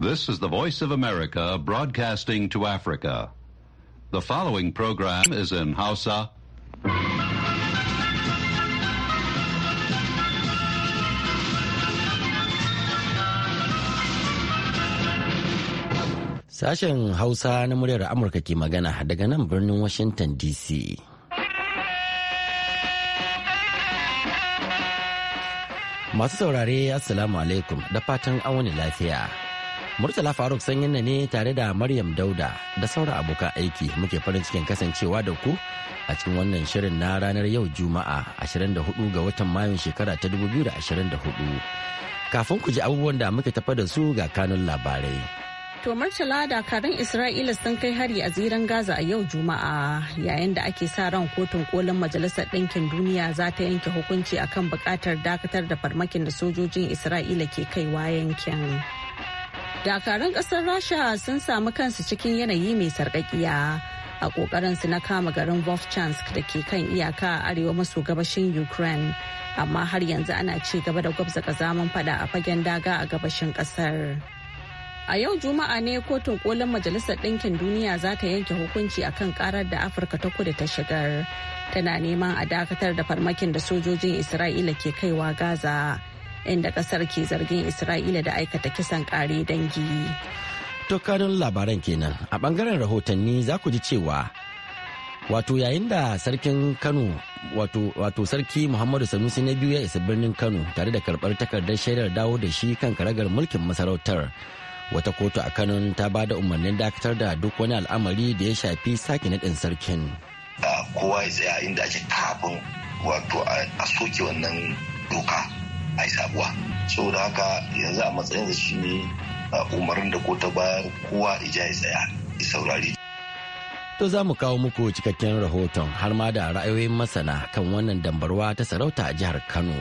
This is the Voice of America broadcasting to Africa. The following program is in Hausa. Sashen Hausa na muryar Amurka ke magana daga nan birnin Washington DC. Masu saurare, Assalamu alaikum da fatan an wani lafiya. Murtala Faruk sanyin ne tare da Maryam Dauda da sauran abokan aiki muke farin cikin kasancewa da ku a cikin wannan shirin na ranar yau Juma'a 24 ga watan Mayun shekara ta 2024. Kafin ku ji abubuwan da muke tafa da su ga kanun labarai. To Murtala dakarun Isra'ila sun kai hari a ziran Gaza a yau Juma'a yayin da ake sa ran kotun kolin Majalisar Ɗinkin Duniya za ta yanke hukunci akan buƙatar dakatar da farmakin da sojojin Isra'ila ke kaiwa yankin. dakaran kasar rasha sun samu kansu cikin yanayi mai sarƙaƙiya a su na kama garin vovchansk da ke kan iyaka a arewa maso gabashin ukraine amma har yanzu ana ci gaba da gwabza kazaman fada a fagen daga a gabashin kasar a yau juma'a ne kotun kolin majalisar ɗinkin duniya za ta yanke hukunci a kan karar da afirka ta kudu ta shigar tana neman a dakatar da farmakin da sojojin isra'ila ke kaiwa gaza inda kasar ke zargin isra'ila da aikata kisan kare dangi tokarin labaran kenan a bangaren rahotanni za ku ji cewa wato yayin da sarkin kano wato sarki muhammadu sanusi na biyu ya isa birnin kano tare da karbar takardar shaidar dawo da shi kan karagar mulkin masarautar wata kotu a kano ta ba da umarnin dakatar da duk wani al'amari da ya shafi sake naɗin sarkin kowa ya tsaya inda ake kafin wato a soke wannan doka a yi sabuwa saboda haka yanzu a matsayin da shi ne umarin da ko ta bayan kowa ija ya tsaya ya saurari to za mu kawo muku cikakken rahoton har ma da ra'ayoyin masana kan wannan dambarwa ta sarauta a jihar kano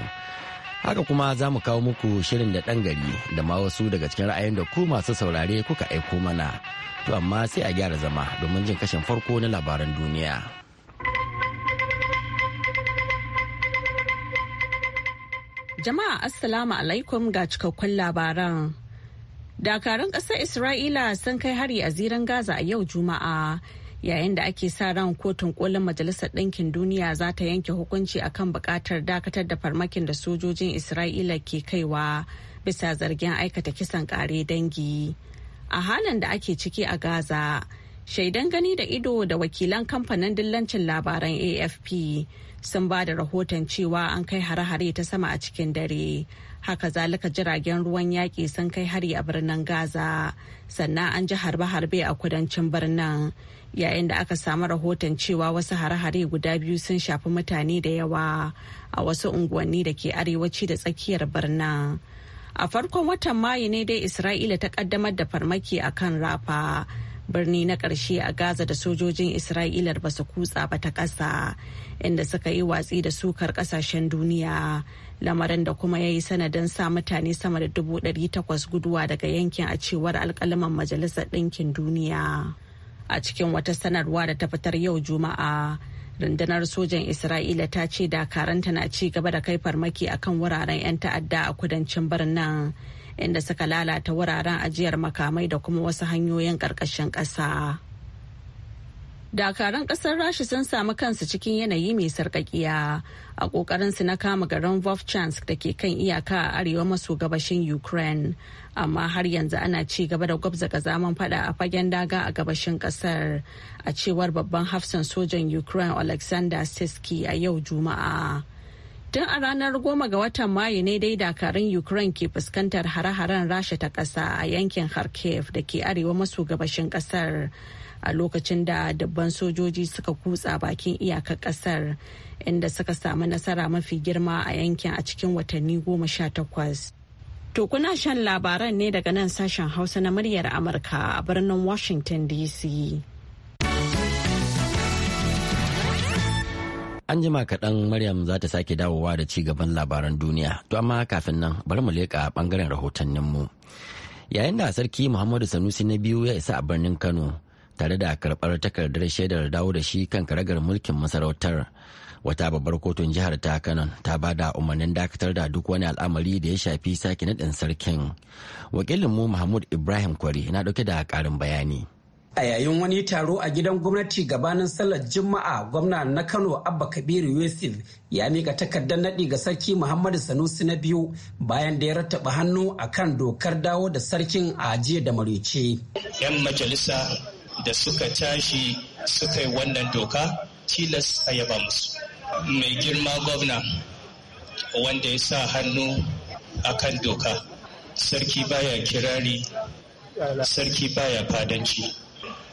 haka kuma za mu kawo muku shirin da ɗan gari da ma wasu daga cikin ra'ayin da ku masu saurare kuka aiko mana to amma sai a gyara zama domin jin kashin farko na labaran duniya. Jama'a Assalamu alaikum ga cikakkun labaran. Dakarun ƙasar Isra'ila sun kai hari a ziran Gaza a yau Juma'a. Yayin da ake sa ran kotun kolin Majalisar Ɗinkin Duniya za ta yanke hukunci akan buƙatar dakatar da farmakin da sojojin Isra'ila ke kaiwa bisa zargin aikata kisan ƙare dangi. A halin da ake ciki a Gaza, shaidan gani da ido da wakilan kamfanin dillancin labaran afp sun ba da rahoton cewa an kai hare-hare ta sama a cikin dare haka zalika jiragen ruwan yaƙi sun kai hari a birnin gaza sannan an ji harbe-harbe a kudancin birnin yayin da aka samu rahoton cewa wasu hare-hare guda biyu sun shafi mutane da yawa a wasu unguwanni da ke arewaci da tsakiyar birnin a farkon watan mayu ne dai isra'ila ta kaddamar da farmaki a kan rafa birni na ƙarshe a gaza da sojojin isra'ilar ba su kutsa ba ta ƙasa inda suka yi watsi da sukar ƙasashen duniya lamarin da kuma ya yi sanadin sa mutane sama da dubu ɗari takwas guduwa daga yankin a cewar alkalaman majalisar ɗinkin duniya a cikin wata sanarwa da ta fitar yau juma'a rundunar sojan isra'ila ta ce dakaranta na ci gaba da kai farmaki akan wuraren 'yan ta'adda a kudancin birnin inda suka lalata wuraren ajiyar makamai da kuma wasu hanyoyin ƙarƙashin ƙasa. Dakaran ƙasar Rasha sun samu kansu cikin yanayi mai sarƙaƙiya a ƙoƙarinsu na kama garin Vovchansk da ke kan iyaka a arewa maso gabashin Ukraine, amma har yanzu ana ci gaba da gwabza zaman fada a fagen daga a gabashin ƙasar a cewar babban hafsan sojan Ukraine Alexander Siski a yau Juma'a. Tun a ranar goma ga watan Mayu ne dai dakarun Ukraine ke fuskantar hare-haren Rasha ta Kasa a yankin Kharkiv da ke arewa maso gabashin kasar a lokacin da dubban sojoji suka kutsa bakin iyakar kasar, inda suka samu nasara mafi girma a yankin a cikin watanni goma sha takwas. To kuna shan labaran ne daga nan sashen Hausa na muryar Amurka a birnin Washington DC. An jima kaɗan Maryam za ta sake dawowa da ci gaban labaran duniya, to amma kafin nan bari mu leƙa ɓangaren rahotanninmu. Yayin da Sarki Muhammadu Sanusi na biyu ya isa a birnin Kano tare da karɓar takardar shaidar dawo da shi kan karagar mulkin masarautar. Wata babbar kotun jihar ta Kano ta ba da umarnin dakatar da duk wani al'amari da ya shafi sake naɗin sarkin. Wakilinmu Mahmud Ibrahim Kwari na ɗauke da ƙarin bayani. A yayin wani taro a gidan gwamnati gabanin sallar Juma'a gwamna na Kano Abba Kabiru Yusuf ya mika takardar naɗi ga Sarki Muhammadu Sanusi na biyu bayan da ya rattaba hannu a kan dokar dawo da sarkin a jiya da marice. 'Yan majalisa da suka tashi suka yi wannan doka tilas a yaba musu. Mai girma gwamna wanda ya sa hannu a kan doka. Sarki baya kirari, sarki baya fadanci.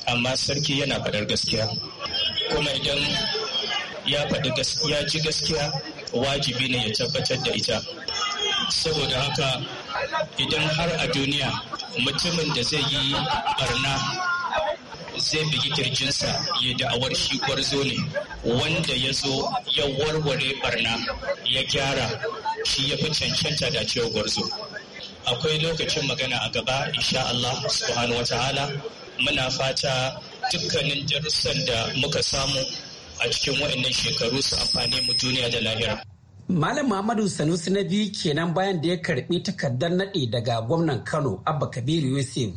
amma sarki yana faɗar gaskiya kuma idan ya faɗi gaskiya ji gaskiya wajibi ne ya tabbatar da ita saboda haka idan har a duniya mutumin da zai yi barna zai bugi kirjinsa ya da'awar shi gwarzo ne wanda ya zo ya warware barna ya gyara shi ya fi cancanta da cewa gwarzo akwai lokacin magana a gaba insha Allah subhanahu wa ta'ala muna fata dukkanin darussan da muka samu a cikin waɗannan shekaru su amfani mu duniya da lahira. Malam Muhammadu Sanusi na biyu kenan bayan da ya karɓi takardar naɗi daga gwamnan Kano Abba Kabiru Yusuf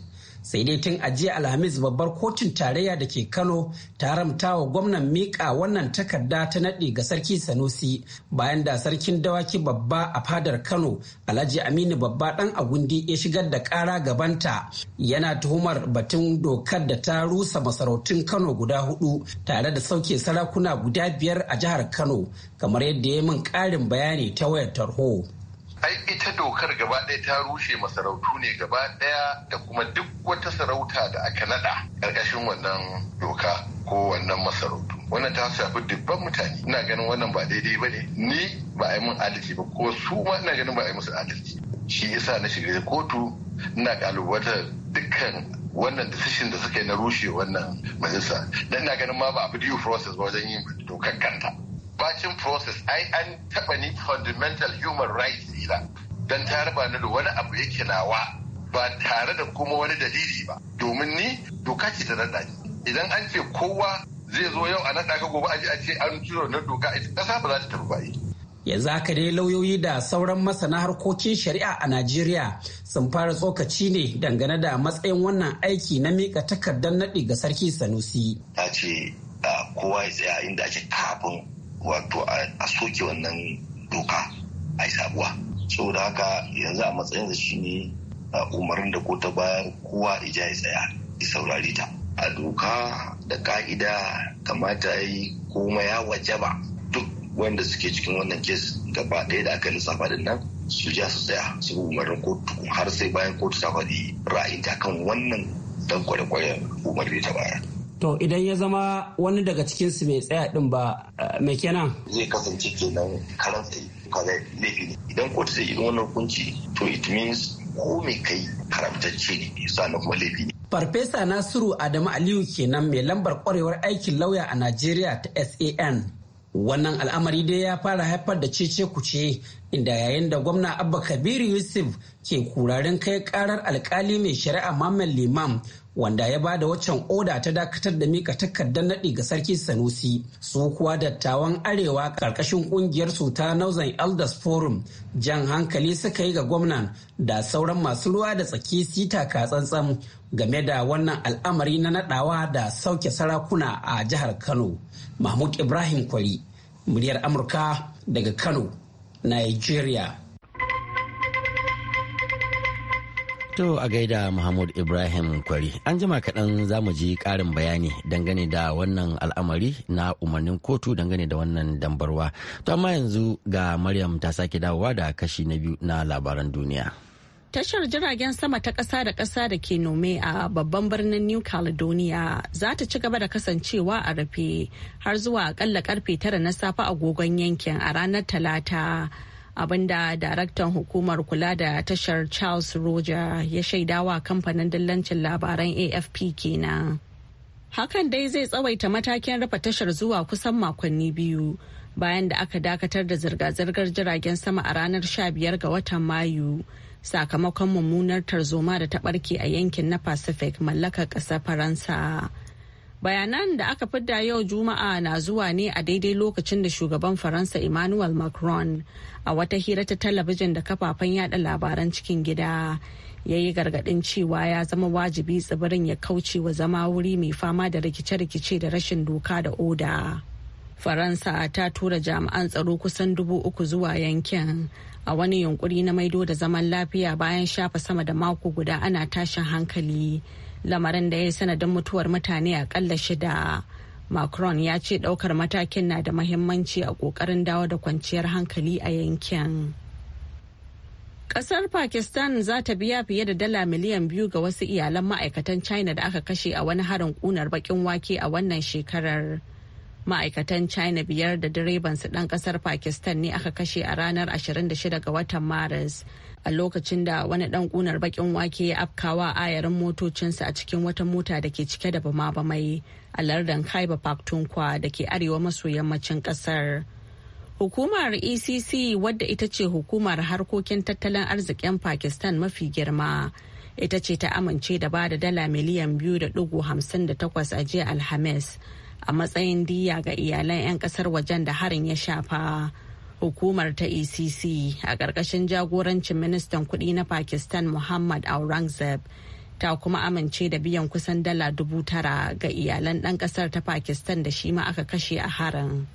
sai dai tun ajiya alhamis babbar kotun tarayya da ke kano ta haramta wa gwamnan miƙa wannan takarda ta naɗe ga sarki sanusi bayan da sarkin dawaki babba a fadar kano alhaji aminu babba ɗan agundi ya shigar da ƙara gabanta yana tuhumar batun dokar da ta rusa masarautun kano guda hudu tare da sauke sarakuna guda biyar a jihar kano kamar yadda ya min ƙarin bayani ta wayar tarho. ai ita dokar gaba ɗaya ta rushe masarautu ne gaba ɗaya da kuma duk wata sarauta da aka naɗa. ƙarƙashin wannan doka ko wannan masarautu wannan ta shafi dubban mutane ina ganin wannan ba daidai ba ne ni ba a yi min adalci ba ko su ma ina ganin ba a yi musu adalci shi yasa na shiga kotu ina kalubata dukkan wannan decision da suka yi na rushe wannan majalisa dan ina ganin ma ba a bi due process ba wajen yin dokar kanta batching process ai an taɓa ni fundamental human rights ila don ta raba ni da wani abu yake nawa ba tare da kuma wani dalili ba domin ni doka ce da naɗa idan an ce kowa zai zo yau a nada ka gobe a a ce an ciro na doka ita ƙasa ba za ta tafi bayi. yanzu haka dai lauyoyi da sauran masana harkokin shari'a a najeriya sun fara tsokaci ne dangane da matsayin wannan aiki na mika takardar naɗi ga sarki sanusi ta ce ah, kowa ya tsaya inda ake kafin wato a soke wannan doka a yi sabuwa saboda haka yanzu a matsayin da shi ne umarin da ko ta bayar kowa ija ya tsaya ya saurari ta a doka da ka'ida kamata ya yi kuma ya wajaba duk wanda suke cikin wannan kes gaba ɗaya da aka lissafa din nan su ja su tsaya su bi umarnin kotu har sai bayan kotu ta faɗi ra'ayinta kan wannan dan kwale-kwalen umarni ta bayar. To idan ya zama wani daga cikin su mai tsaya din ba eh, mai kenan. Zai kasance kenan karanta kaza laifi ne. Idan kotu zai irin wannan hukunci to it means ko mai kai karamtacce ne sannan kuma laifi ne. Farfesa Nasiru Adamu Aliyu kenan mai lambar kwarewar aikin lauya a Najeriya ta SAN. Wannan al'amari dai ya fara haifar da cece kuce inda yayin da gwamna Abba Kabiru Yusuf ke kurarin kai karar alkali mai shari'a Mamman Limam wanda ya ba da waccan oda ta dakatar da mika takardar naɗi ga sarki sanusi su kuwa dattawan arewa ƙarƙashin ƙungiyar su ta northern elders forum jan hankali suka yi ga gwamnan da sauran masu ruwa da tsaki sita ka tsantsan game da wannan al'amari na naɗawa da sauke sarakuna a jihar kano mahmud ibrahim kwari muryar amurka daga kano nigeria To a gaida Muhammad Ibrahim Kwari. An jima kaɗan za mu ji ƙarin bayani dangane da wannan al'amari na umarnin kotu dangane da wannan dambarwa. To amma yanzu ga Maryam ta sake dawowa da kashi na biyu na labaran duniya. Tashar jiragen sama ta ƙasa da ƙasa da ke nome a babban birnin New Caledonia za ta ci gaba da kasancewa a rufe har zuwa aƙalla ƙarfe tara na safe agogon yankin a ranar Talata. abinda daraktan hukumar kula da tashar charles roger ya shaidawa kamfanin dillancin labaran afp kenan hakan dai zai tsawaita matakin rufe tashar zuwa kusan makonni biyu bayan da aka dakatar da zirga-zirgar jiragen sama a ranar 15 ga watan mayu sakamakon mummunar tarzoma da ta barke a yankin na pacific mallakar ƙasar faransa bayanan da aka fidda yau juma'a na zuwa ne a daidai lokacin da shugaban faransa emmanuel macron a wata hira ta talabijin da kafafen yada labaran cikin gida ya yi gargadin cewa ya zama wajibi tsibirin ya kauce wa zama wuri mai fama da rikice-rikice da rashin doka da oda faransa ta tura jami'an tsaro kusan dubu uku zuwa yankin a wani yunkuri na maido da zaman lafiya bayan shafa sama da mako guda ana tashin hankali lamarin da ya yi sanadin mutuwar mutane akalla shida macron ya ce ɗaukar matakin na da mahimmanci a ƙoƙarin dawo da kwanciyar hankali a yankin Ƙasar pakistan za ta biya fiye da dala miliyan biyu ga wasu iyalan ma'aikatan china da aka kashe a wani harin ƙunar baƙin wake a wannan shekarar ma'aikatan china biyar da direbansu ɗan ƙasar pakistan ne aka kashe a ranar 26 ga watan maris a lokacin da wani ɗan ƙunar baƙin wake ya afkawa ayarin motocinsa a cikin wata mota da ke cike da bama mai a lardin kaiba tunkwa da ke arewa maso yammacin ƙasar hukumar ecc wadda ita ce hukumar harkokin tattalin arzikin pakistan mafi girma ita ce ta amince da ba da dala miliyan 2.58 a jiya alhamis a matsayin diya ga iyalan 'yan kasar wajen da harin ya shafa hukumar ta ecc a ƙarƙashin jagorancin ministan kuɗi na pakistan muhammad aurangzeb ta kuma amince da biyan kusan dala dubu tara ga iyalan ɗan ƙasar ta pakistan da shi ma aka kashe a harin.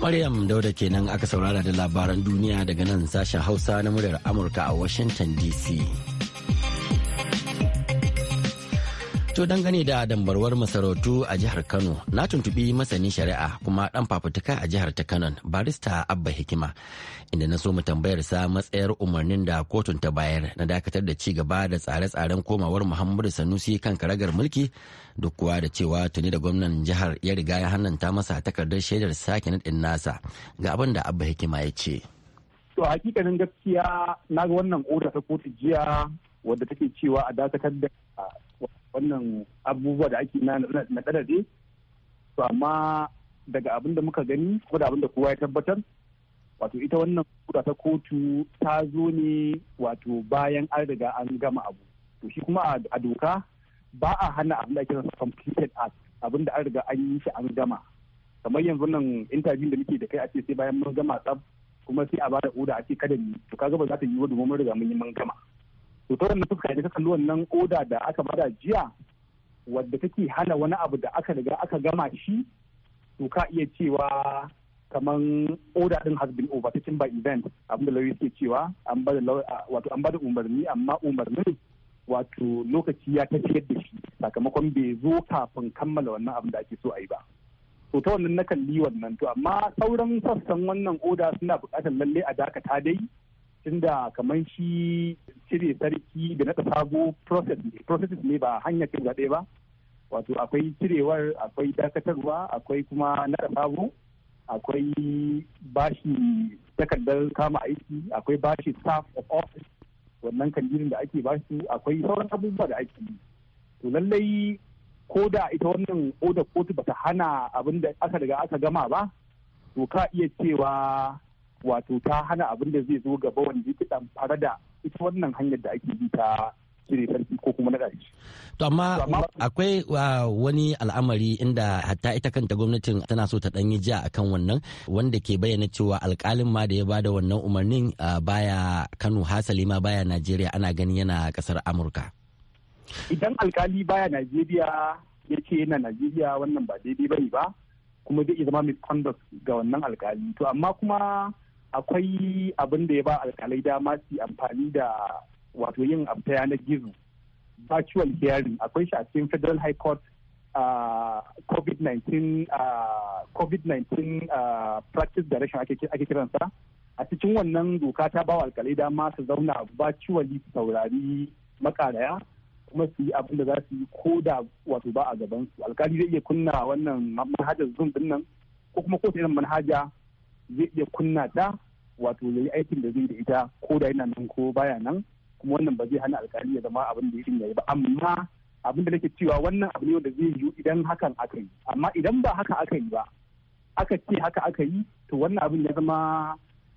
Maryam Dauda kenan aka saurara da labaran duniya daga nan sashen Hausa na muryar Amurka a Washington DC. To dangane da dambarwar masarautu a jihar Kano na tuntubi masani shari'a kuma dan fafutuka a jihar ta kanon barista Abba Hikima inda na so mu tambayar sa matsayar umarnin da kotun ta bayar na dakatar da ci gaba da tsare-tsaren komawar muhammadu sanusi kan karagar mulki duk kuwa da cewa tuni da gwamnan jihar ya riga ya hannanta masa takardar shaidar sake naɗin nasa ga abin da abba hikima ya ce. to hakikanin gaskiya na ga wannan oda ta kotu jiya wadda take cewa a dakatar da wannan abubuwa da ake na naɗaɗe to amma daga abin da muka gani ko da abin da kowa ya tabbatar wato ita wannan kura ta kotu ta zo ne wato bayan an riga an gama abu to shi kuma a doka ba a hana abin da ake kiransa completed act abin da an riga an yi shi an gama kamar yanzu nan interview da muke da kai a ce sai bayan mun gama tsaf kuma sai a ba da oda a ce kada ni to kaga ba za ta yi wa domin mun riga mun yi mun gama to ta wannan fuska da ka kalli wannan oda da aka bada jiya wadda take hana wani abu da aka riga aka gama shi to ka iya cewa kaman oda din has been overtaken by event abin da lauyi ke cewa an bada umarni amma umarni wato lokaci ya tafiyar da shi sakamakon bai zo kafin kammala wannan abin da ake so a yi ba to ta wannan na kalli wannan to amma sauran sassan wannan oda suna buƙatar lalle a dakata dai tunda kamar shi cire sarki da naɗa sago process ne ba hanyar cin zaɓe ba wato akwai cirewar akwai dakatarwa akwai kuma naɗa sabo akwai bashi takardar kama aiki akwai bashi staff of office wannan kandirin da ake bashi akwai sauran abubuwa da ake yi to lallai ko da ita wannan oda kotu bata hana abin da aka riga aka gama ba to ka iya cewa wato ta hana abin da zai zo gaba wanda yake dan fara da ita wannan hanyar da ake bi ta cire sarki ko kuma na To amma akwai wani al'amari inda hatta ita kanta gwamnatin tana so ta ɗan yi ja akan wannan wanda ke bayyana cewa alƙalin ma da ya bada wannan umarnin baya Kano hasali ma baya Najeriya ana gani yana ƙasar Amurka. Idan alkali baya Najeriya ya ce yana Najeriya wannan ba daidai bane ba kuma zai zama misconduct ga wannan alkali To amma kuma akwai abin da ya ba alkalai dama su amfani da wato yin abu ta yanar gizo virtual hearing akwai shi a cikin federal high court covid-19 covid-19 practice direction ake kiransa a cikin wannan doka ta bawa alkalai dama su zauna virtually su saurari makaraya kuma su yi abin da za su yi ko da wato ba a gaban su alkali zai iya kunna wannan manhajar zoom din nan ko kuma kowace irin manhaja zai iya kunna ta wato ya aikin da zai da ita ko da yana nan ko baya nan kuma wannan ba zai hana alkali ya zama abin da ya shirya ba amma abin da nake cewa wannan abu ne wanda zai yiwu idan hakan aka yi amma idan ba haka aka yi ba aka ce haka aka yi to wannan abin ya zama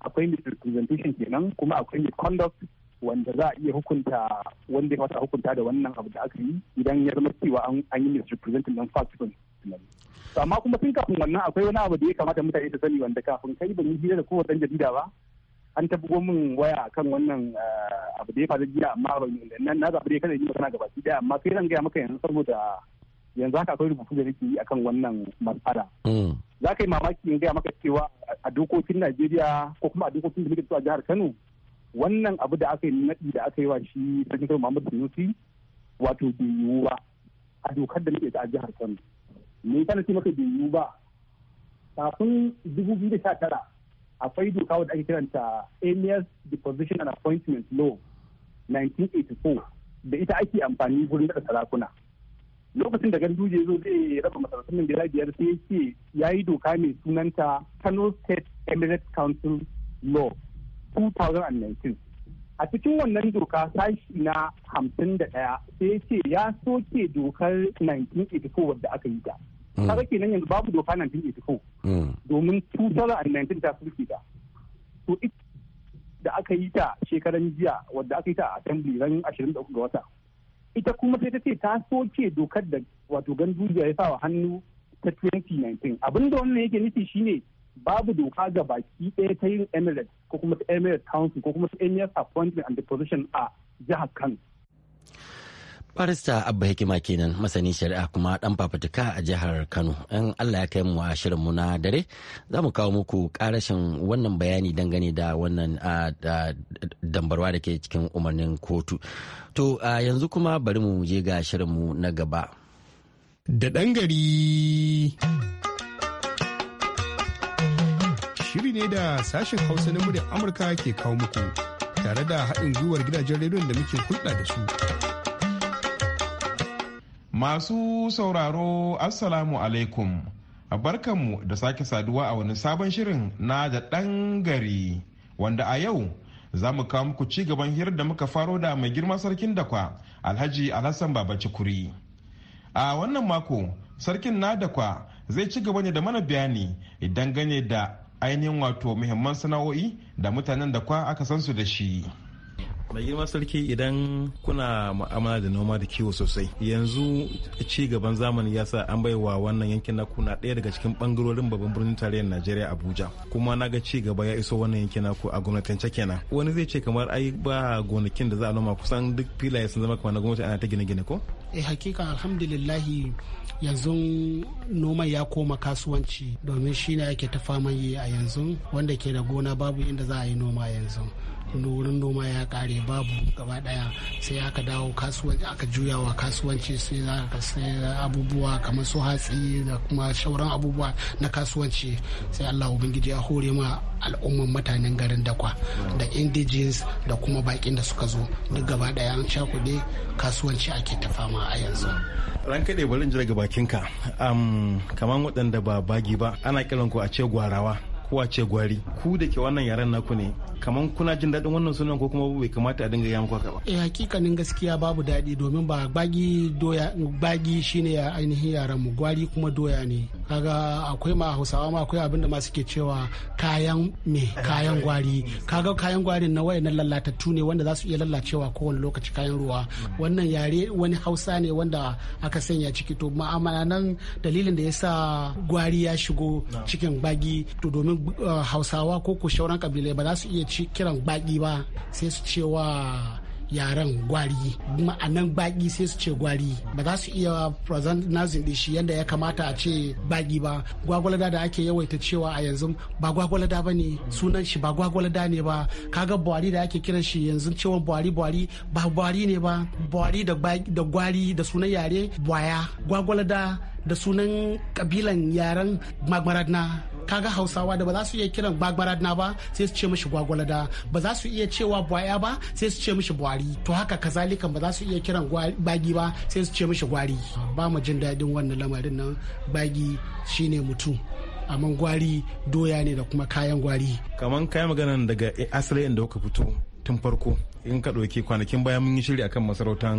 akwai misrepresentation kenan kuma akwai misconduct wanda za a iya hukunta wanda ya kamata hukunta da wannan abu da aka yi idan ya zama cewa an yi misrepresenting don fact amma kuma tun kafin wannan akwai wani abu da ya kamata mutane su sani wanda kafin kai ba yi hira da kowace jarida ba an ta bugo min waya akan wannan eh, abu da ya faru jiya amma nan na zaɓi kada yi magana gabaki daya amma sai zan gaya maka yanzu saboda yanzu haka akwai rubutu da nake yi akan wannan matsala. Mm. Za ka yi mamaki in gaya maka cewa a dokokin Najeriya ko kuma a dokokin da muke a jihar Kano wannan abu da aka yi naɗi da aka yi wa shi sarkin Kano Muhammadu Sanusi wato bai yiwu ba a dokar da muke a jihar Kano. Me yasa nace maka bai yiwu ba? Kafin dubu biyu da sha tara akwai doka wadda ake kiranta alias deposition and appointment law 1984 da ita ake amfani gurin daɗa sarakuna lokacin da ganduje zo zai raba masarautun gida biyar sai ya ya yi doka mai sunanta kano state Emirates council law 2019 a cikin wannan doka sashi na hamsin da ɗaya sai ya ya soke dokar 1984 wadda aka yi ta Mm. kaga kenan yanzu babu doka 1984 mm. domin 2019 ta sulke ta to da aka yi ta shekaran jiya wadda aka yi ta a assembly ran 23 ga wata ita kuma sai ta ce ta soke dokar da wato gandujiya ya sawa hannu ta 2019 abinda wannan yake nufi shine babu doka ga baki ɗaya ta yin emirates ko kuma ta emirates council ko kuma ta emirates appointment and deposition a jihar kano Barista Abba Hikima kenan masanin shari'a kuma dan fafutuka a jihar Kano. In Allah ya kai mu a mu na dare, za mu kawo muku karashin wannan bayani dangane da wannan dambarwa da ke cikin umarnin kotu. To yanzu kuma bari mu je ga mu na gaba. Da ɗan gari. Shiri ne da sashen Hausa na muryar Amurka ke kawo muku tare da haɗin gwiwar gidajen rediyon da muke hulɗa da su. Masu sauraro Assalamu alaikum. Barkanmu da sake saduwa a wani sabon shirin na da ɗan gari wanda a yau za mu kawo muku ci gaban hirar da muka faro da mai girma sarkin dakwa alhaji alhassan baba cikuri a wannan mako sarkin na dakwa zai ci gaba ne da mana bayani idan gane da ainihin wato muhimman sana'o'i da mutanen dakwa aka san su da shi. mai girma sarki idan kuna ma'amala da noma da kiwo sosai yanzu ci gaban zamani ya sa an baiwa wannan yankin na ɗaya daga cikin bangarorin babban birnin tarayyar najeriya abuja kuma na ga ci gaba ya iso wannan yankin naku a gwamnatance kenan wani zai ce kamar ai ba gonakin da za a noma kusan duk filaye sun zama kamar na gwamnati ana ta gine-gine ko eh hakika alhamdulillahi yanzu noma ya koma kasuwanci domin shine ake ta faman yi a yanzu wanda ke da gona babu inda za a yi noma yanzu wurin noma ya kare babu gaba daya sai aka dawo kasuwanci aka juya wa kasuwanci sai za ka sai abubuwa kamar su hatsi da kuma shauran abubuwa na kasuwanci sai allah ubangiji ya hore ma al'umman mutanen garin dakwa da indigens da kuma bakin da suka zo duk gaba daya an cakuɗe kasuwanci ake ta fama a yanzu ran kaɗe bari jira daga bakinka kamar waɗanda ba bagi ba ana kiran ku a ce gwarawa ko gwari ku da ke wannan yaren naku ne kamar kuna jin daɗin wannan sunan ko kuma bai kamata a dinga yan kwaka ba eh hakikanin gaskiya babu daɗi domin ba gbagi doya gbagi shine ya ainihin yaren mu gwari kuma doya ne kaga akwai ma Hausawa ma akwai abin da ma suke cewa kayan me kayan gwari kaga kayan gwarin na waye na lallatattu ne wanda za su iya lallacewa kowane lokaci kayan ruwa wannan yare wani Hausa ne wanda aka sanya ciki to ma'amala nan dalilin da yasa gwari ya shigo cikin bagi to domin Eh, hausawa ko ku shauran kabila ba za su iya kiran baki ba sai su cewa yaren gwari ma'anan baki sai su ce gwari ba za su iya present nazin din shi yadda ya kamata a ce baki ba gwagwalada da ake yawaita cewa a yanzu ba gwagwalada ba ne sunan shi ba gwagwalada ne ba kaga buhari da ake kiran shi yanzu cewa buhari buhari ba buhari ne ba buhari da gwari da sunan yare baya gwagwalada da sunan kabilan yaren magmaradna kaga hausawa da ba za su iya kiran gbagbaradna ba sai su ce mishi gwagwalada ba za su iya cewa bwaya ba sai su ce mishi bwari to haka kazalikan ba za su iya kiran bagi ba sai su ce mishi gwari ba mu jin daɗin wannan lamarin nan bagi shine mutum amma gwari doya ne da kuma kayan gwari Kamar kayan maganan daga asali inda kuka fito tun farko in ka ɗauki kwanakin bayan mun yi shiri akan masarautar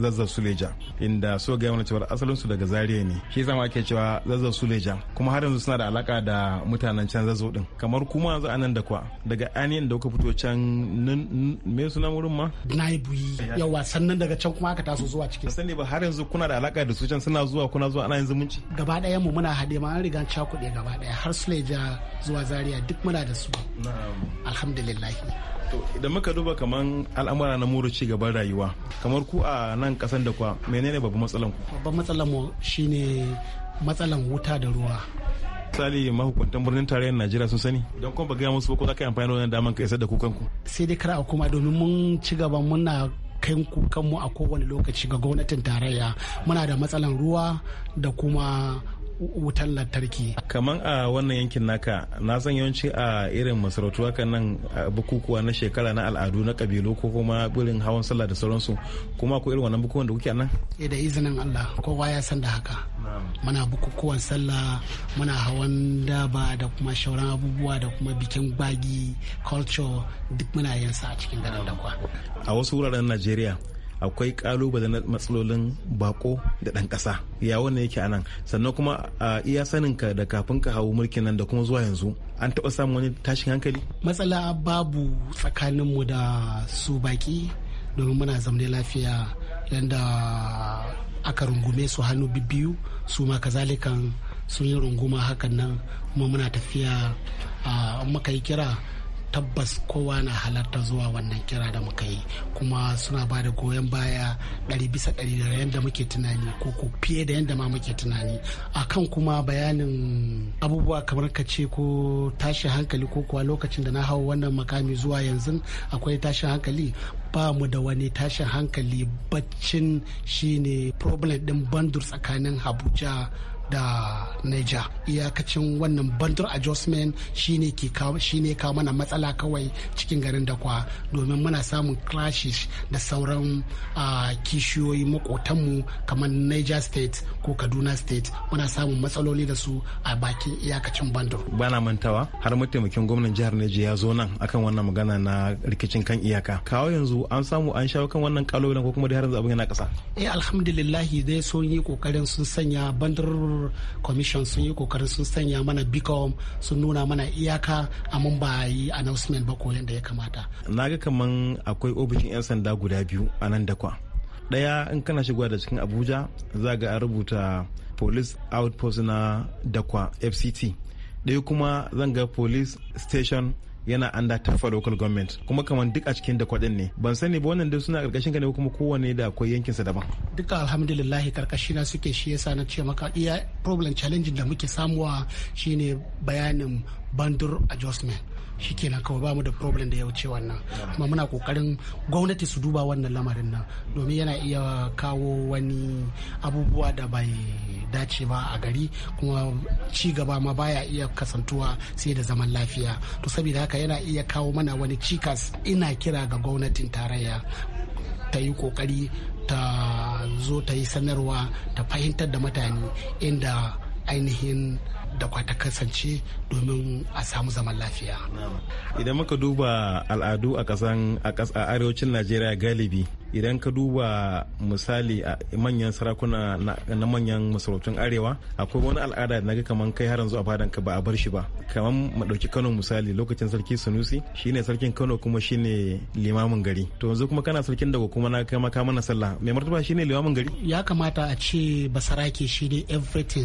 zazzar suleja inda so ga mana cewa asalinsu daga zaria ne shi zama ake cewa zazzar suleja kuma har yanzu suna da alaka da mutanen can zazzo din kamar kuma yanzu anan da kuwa daga aniyan da kuka fito can me suna wurin ma buyi yawa sannan daga can kuma aka taso zuwa cikin sani ba har yanzu kuna da alaka da su can suna zuwa kuna zuwa ana yin zumunci gaba ɗaya mu muna haɗe ma an riga cakuɗe gaba ɗaya har suleja zuwa zaria duk muna da su alhamdulillah da muka duba kaman al'amura na muru ci gaban rayuwa kamar ku a nan kasan da kwa menene babban matsalan ku babban matsalan mu shine matsalan wuta da ruwa misali mahukuntan birnin tarayyar najeriya sun sani don kuma ba gaya musu ko za ka yi amfani da wannan daman ka isar da kukanku sai dai kar a kuma domin mun ci mun muna kai mu a kowane lokaci ga gwamnatin tarayya muna da matsalan ruwa da kuma wutar lantarki kaman a wannan yankin naka na san yawanci a irin masarautu haka nan bukukuwa na shekara na al'adu na kabilu ko kuma birin hawan sallah da sauransu kuma ko irin wannan bukukuwan da kuke nan e da izinin Allah kowa ya san da haka muna bukukuwan sallah muna hawan daba da kuma shauran abubuwa da kuma bikin gbagi culture duk muna yin sa a cikin garin dakwa a wasu wuraren Najeriya akwai kalubale na matsalolin bako da ɗan ƙasa ya wannan yake anan sannan kuma a iya sanin ka da kafin ka hau mulkin nan da kuma zuwa yanzu an taɓa samun wani tashin hankali matsala babu tsakanin mu da su baki domin muna zamne lafiya yadda aka rungume su hannu biyu su ma kazalikan sun yi runguma hakan nan kuma muna tafiya a muka yi kira tabbas kowa na halarta zuwa wannan kira da muka yi kuma suna ba da goyon baya ɗari bisa ɗari da yadda muke tunani ko ko fiye da yadda ma muke tunani a kan kuma bayanin abubuwa kamar ka ce ko tashin hankali ko kuwa lokacin da na hau wannan makami zuwa yanzu akwai tashin hankali ba mu da wani tashin hankali baccin shine problem din bandur tsakanin abuja da Niger iyakacin wannan bandar adjustment shine ke shine kawo mana matsala kawai cikin garin da kwa domin muna samun clashes da sauran kishiyoyi makotanmu kamar Niger state ko Kaduna state muna samun matsaloli da su a bakin iyakacin bandar. bana mantawa har mataimakin gwamnan jihar Niger ya zo nan akan wannan magana na rikicin kan iyaka kawo yanzu an samu an shawo kan wannan kalolin ko kuma da har yanzu abin yana kasa eh alhamdulillah dai sun yi kokarin sun sanya bandar labor commission sun yi kokarin sun sanya mana bicom sun nuna mana iyaka amma ba yi announcement ba ko yadda ya kamata na ga kaman akwai ofishin 'yan sanda guda biyu a nan da kwa daya in kana shigowa da cikin abuja za ga a rubuta police outpost na dakwa fct ɗaya kuma zan ga police station yana anda tafa local government kuma kamar duk a cikin da kwadin ne ban sani ba wannan duk suna karkashin ka ne kuma kowanne da akwai yankin sa daban duka alhamdulillah karkashi na suke shi yasa na ce maka iya problem challenge da muke samuwa shine bayanin bandur adjustment kenan kawai mu da problem da ya wuce wannan kuma muna kokarin gwamnati su duba wannan lamarin nan domin yana iya kawo wani abubuwa da bai dace ba a gari kuma ci gaba ma baya iya kasantuwa sai da zaman lafiya to saboda haka yana iya kawo mana wani cikas ina kira ga gwamnatin tarayya ta yi kokari ta zo ta yi sanarwa ta fahimtar da mutane inda ainihin da kwata kasance domin a samu zaman lafiya. Idan muka duba al'adu a ƙasan a arewacin Najeriya galibi idan ka duba misali a manyan sarakuna na manyan masarautun arewa akwai wani al'ada da naga kaman kai har yanzu a fadan ka ba a bar shi ba kamar mu dauki Kano misali lokacin sarki Sanusi shine sarkin Kano kuma shine limamin gari to yanzu kuma kana sarkin daga kuma na kai maka mana sallah mai martaba shine limamin gari ya kamata a ce basarake shine everything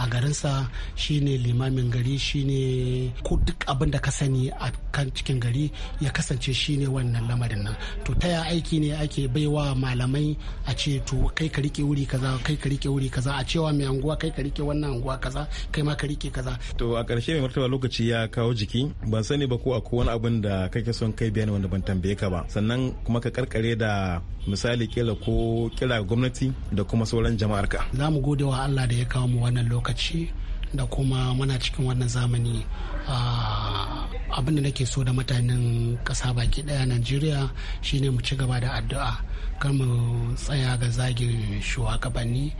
a garinsa shine limamin gari shine ko duk abin da ka sani a kan cikin gari ya kasance shine wannan lamarin nan to ta ya aiki ne ake baiwa malamai a ce to kai ka rike wuri kaza kai ka rike wuri kaza a cewa mai anguwa kai ka rike wannan anguwa kaza kai ma ka rike kaza to a ƙarshe mai martaba lokaci ya kawo jiki ban sani ba ko akwai wani abin da kake son kai bayani wanda ban tambaye ka ba sannan kuma ka karkare da misali kila ko kira gwamnati da kuma sauran jama'arka za mu gode wa Allah da ya kawo mu wannan lokaci da kuma muna cikin wannan zamani ah, abin nake so da mutanen ƙasa baki ɗaya najeriya shine mu ci gaba da addu'a kar mu tsaya ga zagin shugabanni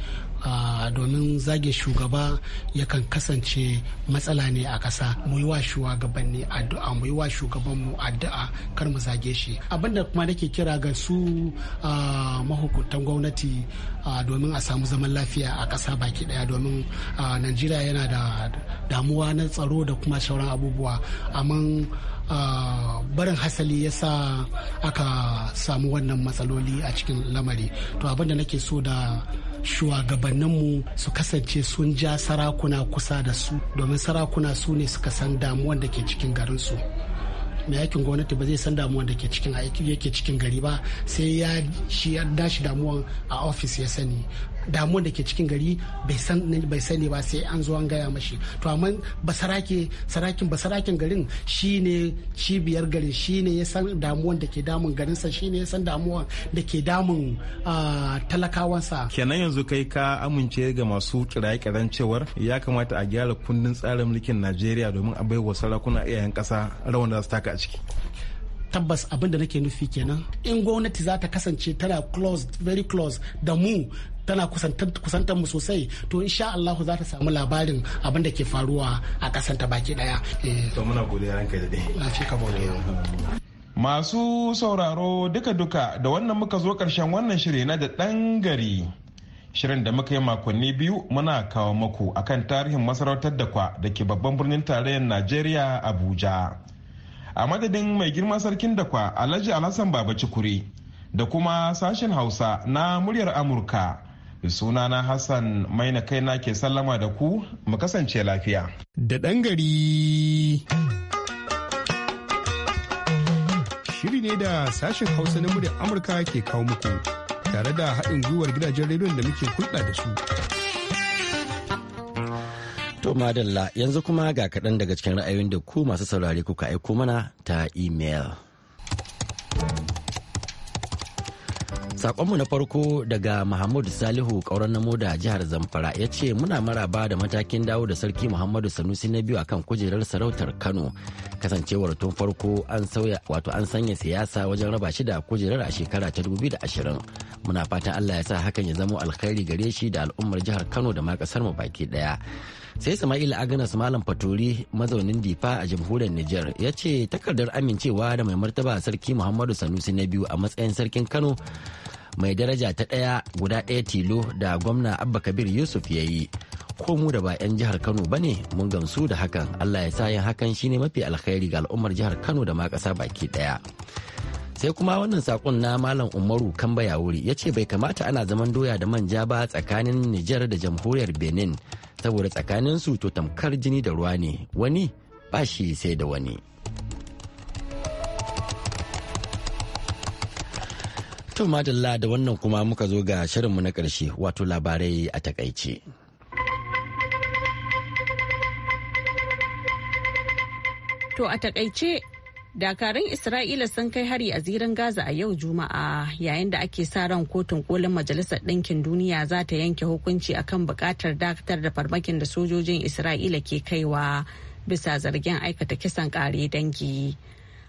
ah, domin zagin shugaba yakan kasance matsala ne a ƙasa mu yi wa shugabanni addu'a mu yi wa shugabanmu addu'a kar mu zage shi abinda kuma nake kira ga su ah, mahukuntan gwamnati domin a samu zaman lafiya a ƙasa baki ɗaya domin najeriya yana muna da damuwa na tsaro da kuma sauran abubuwa amma ah, barin hasali ya sa aka samu wannan matsaloli a cikin lamari to abinda nake so da shugabanninmu su kasance sun ja sarakuna kusa da su domin sarakuna su ne suka san damuwan da ke cikin garinsu mai aikin gwamnati ba zai san damuwan da yake cikin gari ba sai ya shi ya damuwan a ofis ya sani damuwar da ke cikin gari bai sani ba sai an zo an gaya mashi to amma basarake sarakin basarakin garin shine cibiyar garin shine ya san damuwar da ke damun garinsa shine ya san damuwar da ke damun ah, talakawansa kenan yanzu kai ka amince ga masu kiraye-kiran cewar ya kamata a gyara kundin tsarin mulkin najeriya domin a baiwa sarakuna iyayen kasa rawan da su taka a ciki tabbas abin da nake nufi kenan in gwamnati za ta kasance tana close very close da mu tana kusantar mu sosai to insha Allah za ta samu labarin abin da ke faruwa a ƙasar ta baki daya eh. to muna godiya ranka da dai ka bode masu sauraro duka-duka da wannan muka zo karshen wannan shiri na da ɗan gari shirin da muka yi makonni biyu muna kawo maku akan tarihin masarautar da kwa da ke babban birnin tarayyar najeriya abuja a madadin mai girman sarkin da kwa alhaji alhassan baba cikuri da kuma sashen hausa na muryar amurka sunana hassan maina kaina ke sallama da ku mu kasance lafiya da ɗan gari shiri ne da sashen hausa na muryar amurka ke kawo muku tare da haɗin gwiwar gidajen rediyon da muke hulɗa da su to madalla yanzu kuma ga kaɗan daga cikin ra'ayoyin da ku masu saurare kuka aiko mana ta imel. Sakonmu na farko daga Muhammadu Salihu kauran namo da jihar Zamfara ya ce muna maraba da matakin dawo da sarki Muhammadu Sanusi na biyu akan kujerar sarautar Kano. Kasancewar tun farko an sauya wato an sanya siyasa wajen raba shi da kujerar a shekara ta da ashirin Muna fatan Allah ya sa hakan ya zamo alkhairi gare shi da al'ummar jihar Kano da ma kasar mu baki daya. sai Sama'il Agnes Malam Faturi mazaunin Difa a jamhuriyar Nijar ya ce takardar amincewa da mai martaba sarki Muhammadu Sanusi na biyu a matsayin sarkin Kano mai daraja ta ɗaya guda ɗaya tilo da gwamna Abba Kabir Yusuf ya yi. Ko mu da ba 'yan jihar Kano ba ne mun gamsu da hakan Allah ya sa yin hakan shine mafi alkhairi ga al'ummar jihar Kano da ma ƙasa baki ɗaya. sai kuma wannan sakon na malam umaru kan wuri ya ce bai kamata ana zaman doya da manja ba tsakanin nijar da jamhuriyar benin saboda tsakanin su to tamkar jini da ruwa ne wani ba shi sai da wani To madalla da wannan kuma muka zo ga shirin mu na ƙarshe wato labarai a takaice. To a takaice dakarun isra'ila sun kai hari a zirin gaza a yau juma'a yayin da ake sa ran kotun kolin majalisar ɗinkin duniya za ta yanke hukunci akan buƙatar dakatar da farmakin da sojojin isra'ila ke kaiwa bisa zargin aikata kisan ƙare dangi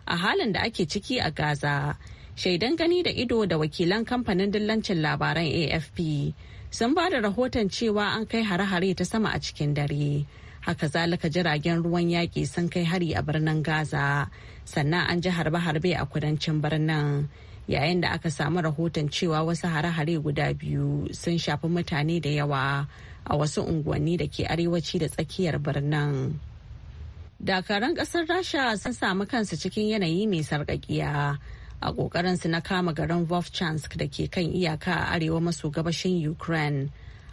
a halin da ake ciki a gaza shaidan gani da ido da wakilan kamfanin dillancin labaran afp sun ba da rahoton cewa an kai hare-hare ta sama a cikin dare haka zalika jiragen ruwan yaƙi sun kai hari a birnin gaza sannan an ji harbe-harbe a kudancin birnin yayin da aka samu rahoton cewa wasu hare-hare guda biyu sun shafi mutane da yawa a wasu unguwanni da ke arewaci da tsakiyar birnin dakaran kasar rasha sun samu kansu cikin yanayi mai sarƙaƙiya a ƙoƙarinsu na kama garin vovchansk da ke kan iyaka a arewa maso gabashin ukraine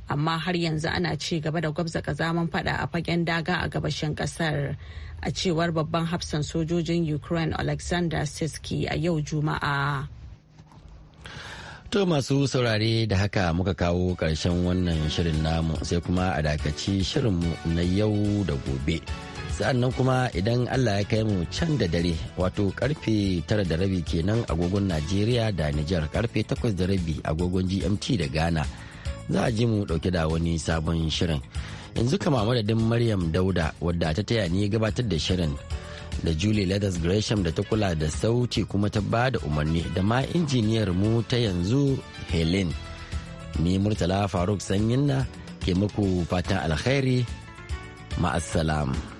amma har yanzu ana ci gaba da gwabza kazaman fada a fagen daga a gabashin kasar a cewar babban hafsan sojojin ukraine alexander siski a yau juma'a To masu saurare da haka muka kawo karshen wannan shirin namu sai kuma a dakaci shirinmu na yau da gobe. sa'annan kuma idan Allah ya kai mu can da dare wato karfe tara da rabi kenan agogon Najeriya da niger karfe takwas da rabi agogon GMT da Ghana za a ji mu dauke da wani sabon shirin yanzu kama madadin maryam dauda wadda ta taya ni gabatar da shirin da julie leathers gresham da ta kula da sauti kuma ta ba da umarni da ma injiniyar mu ta yanzu helen ni murtala faruk sanyin na ke muku fatan alkhairi ma'assalam.